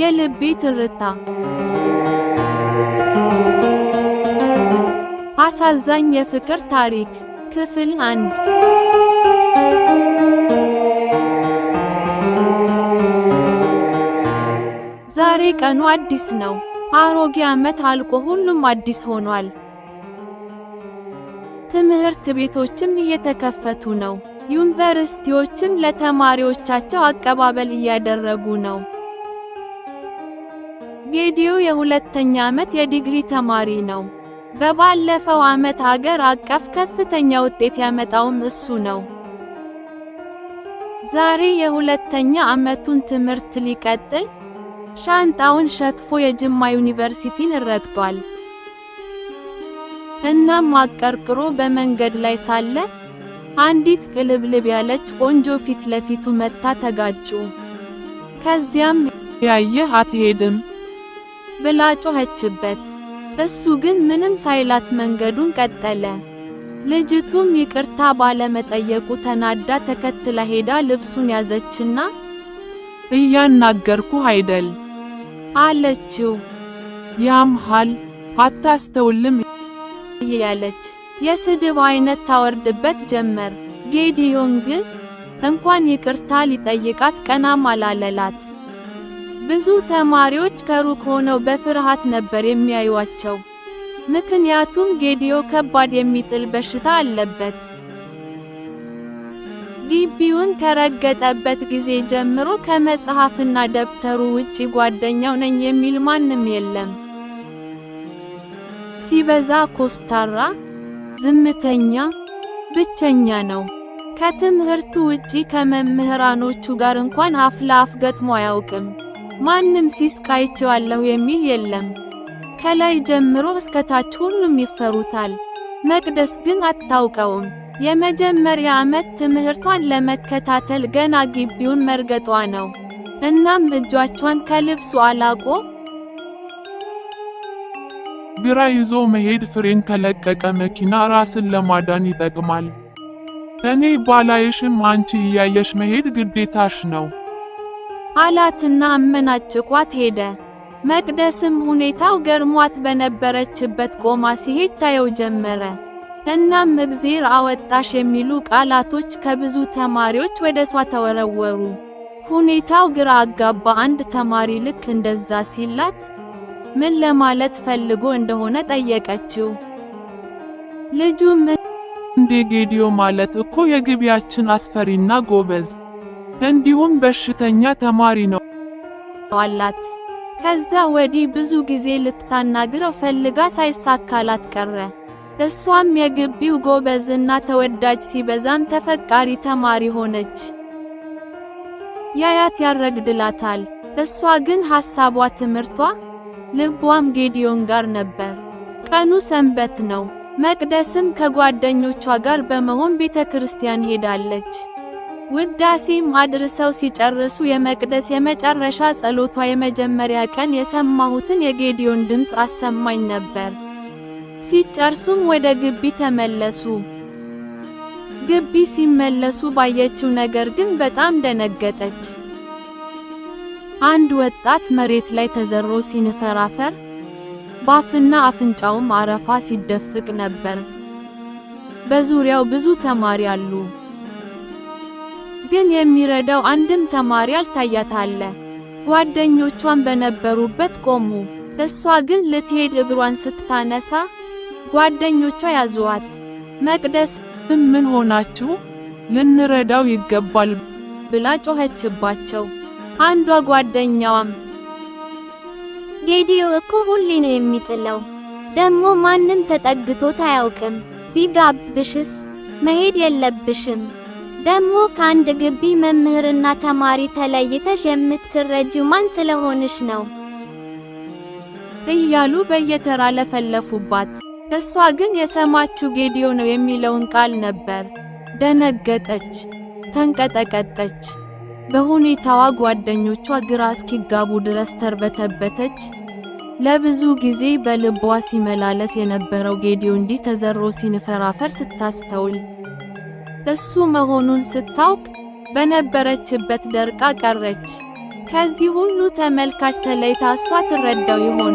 የልቤ ትርታ አሳዛኝ የፍቅር ታሪክ ክፍል አንድ ዛሬ ቀኑ አዲስ ነው። አሮጌ ዓመት አልቆ ሁሉም አዲስ ሆኗል። ትምህርት ቤቶችም እየተከፈቱ ነው። ዩኒቨርሲቲዎችም ለተማሪዎቻቸው አቀባበል እያደረጉ ነው። ጌዲዮ የሁለተኛ ዓመት የዲግሪ ተማሪ ነው። በባለፈው ዓመት ሀገር አቀፍ ከፍተኛ ውጤት ያመጣውም እሱ ነው። ዛሬ የሁለተኛ ዓመቱን ትምህርት ሊቀጥል ሻንጣውን ሸክፎ የጅማ ዩኒቨርሲቲን ረግጧል። እናም አቀርቅሮ በመንገድ ላይ ሳለ አንዲት ቅልብልብ ያለች ቆንጆ ፊት ለፊቱ መታ ተጋጩ። ከዚያም ያየህ አትሄድም ብላ ጮኸችበት። እሱ ግን ምንም ሳይላት መንገዱን ቀጠለ። ልጅቱም ይቅርታ ባለመጠየቁ ተናዳ ተከትላ ሄዳ ልብሱን ያዘችና እያናገርኩህ አይደል አለችው። ሃል አታስተውልም እያለች የስድብ አይነት ታወርድበት ጀመር። ጌዲዮን ግን እንኳን ይቅርታ ሊጠይቃት ቀናም አላለላት። ብዙ ተማሪዎች ከሩቅ ሆነው በፍርሃት ነበር የሚያዩዋቸው። ምክንያቱም ጌዲዮ ከባድ የሚጥል በሽታ አለበት። ግቢውን ከረገጠበት ጊዜ ጀምሮ ከመጽሐፍና ደብተሩ ውጪ ጓደኛው ነኝ የሚል ማንም የለም። ሲበዛ ኮስታራ፣ ዝምተኛ፣ ብቸኛ ነው። ከትምህርቱ ውጪ ከመምህራኖቹ ጋር እንኳን አፍ ለአፍ ገጥሞ አያውቅም። ማንም ሲስቃይቸዋለሁ የሚል የለም። ከላይ ጀምሮ እስከታች ሁሉም ይፈሩታል። መቅደስ ግን አትታውቀውም። የመጀመሪያ ዓመት ትምህርቷን ለመከታተል ገና ግቢውን መርገጧ ነው። እናም እጇቿን ከልብሱ አላቆ ቢራ ይዞ መሄድ ፍሬን ከለቀቀ መኪና ራስን ለማዳን ይጠቅማል። እኔ ባላይሽም አንቺ እያየሽ መሄድ ግዴታሽ ነው አላትና አመናጭቋት ሄደ። መቅደስም ሁኔታው ገርሟት በነበረችበት ቆማ ሲሄድ ታየው ጀመረ። እናም እግዜር አወጣሽ የሚሉ ቃላቶች ከብዙ ተማሪዎች ወደ እሷ ተወረወሩ። ሁኔታው ግራ አጋባ። አንድ ተማሪ ልክ እንደዛ ሲላት ምን ለማለት ፈልጎ እንደሆነ ጠየቀችው። ልጁ ምን እንዴ ጌዲዮ ማለት እኮ የግቢያችን አስፈሪና ጎበዝ እንዲሁም በሽተኛ ተማሪ ነው አላት። ከዛ ወዲህ ብዙ ጊዜ ልትታናግረው ፈልጋ ሳይሳካላት ቀረ። እሷም የግቢው ጎበዝና ተወዳጅ ሲበዛም ተፈቃሪ ተማሪ ሆነች። ያያት ያረግድላታል። እሷ ግን ሐሳቧ ትምህርቷ፣ ልቧም ጌዲዮን ጋር ነበር። ቀኑ ሰንበት ነው። መቅደስም ከጓደኞቿ ጋር በመሆን ቤተ ክርስቲያን ሄዳለች። ውዳሴም አድርሰው ሲጨርሱ የመቅደስ የመጨረሻ ጸሎቷ የመጀመሪያ ቀን የሰማሁትን የጌዲዮን ድምፅ አሰማኝ ነበር። ሲጨርሱም ወደ ግቢ ተመለሱ። ግቢ ሲመለሱ ባየችው ነገር ግን በጣም ደነገጠች። አንድ ወጣት መሬት ላይ ተዘሮ ሲንፈራፈር ባፍና አፍንጫውም አረፋ ሲደፍቅ ነበር። በዙሪያው ብዙ ተማሪ አሉ፣ ግን የሚረዳው አንድም ተማሪ አልታያታለ። ጓደኞቿን በነበሩበት ቆሙ። እሷ ግን ልትሄድ እግሯን ስትታነሳ ጓደኞቿ ያዙዋት። መቅደስ ምን ሆናችሁ? ልንረዳው ይገባል ብላ ጮኸችባቸው። አንዷ ጓደኛዋም ጌዲዮ እኮ ሁሌ ነው የሚጥለው፣ ደግሞ ማንም ተጠግቶት አያውቅም። ቢጋብሽስ መሄድ የለብሽም። ደግሞ ከአንድ ግቢ መምህርና ተማሪ ተለይተሽ የምትረጂው ማን ስለሆንሽ ነው? እያሉ በየተራ ለፈለፉባት። እሷ ግን የሰማችው ጌዲዮ ነው የሚለውን ቃል ነበር። ደነገጠች፣ ተንቀጠቀጠች። በሁኔታዋ ጓደኞቿ ግራ እስኪጋቡ ድረስ ተርበተበተች። ለብዙ ጊዜ በልቧ ሲመላለስ የነበረው ጌዲዮ እንዲህ ተዘሮ ሲንፈራፈር ስታስተውል እሱ መሆኑን ስታውቅ በነበረችበት ደርቃ ቀረች። ከዚህ ሁሉ ተመልካች ተለይታ እሷ ትረዳው ይሆን?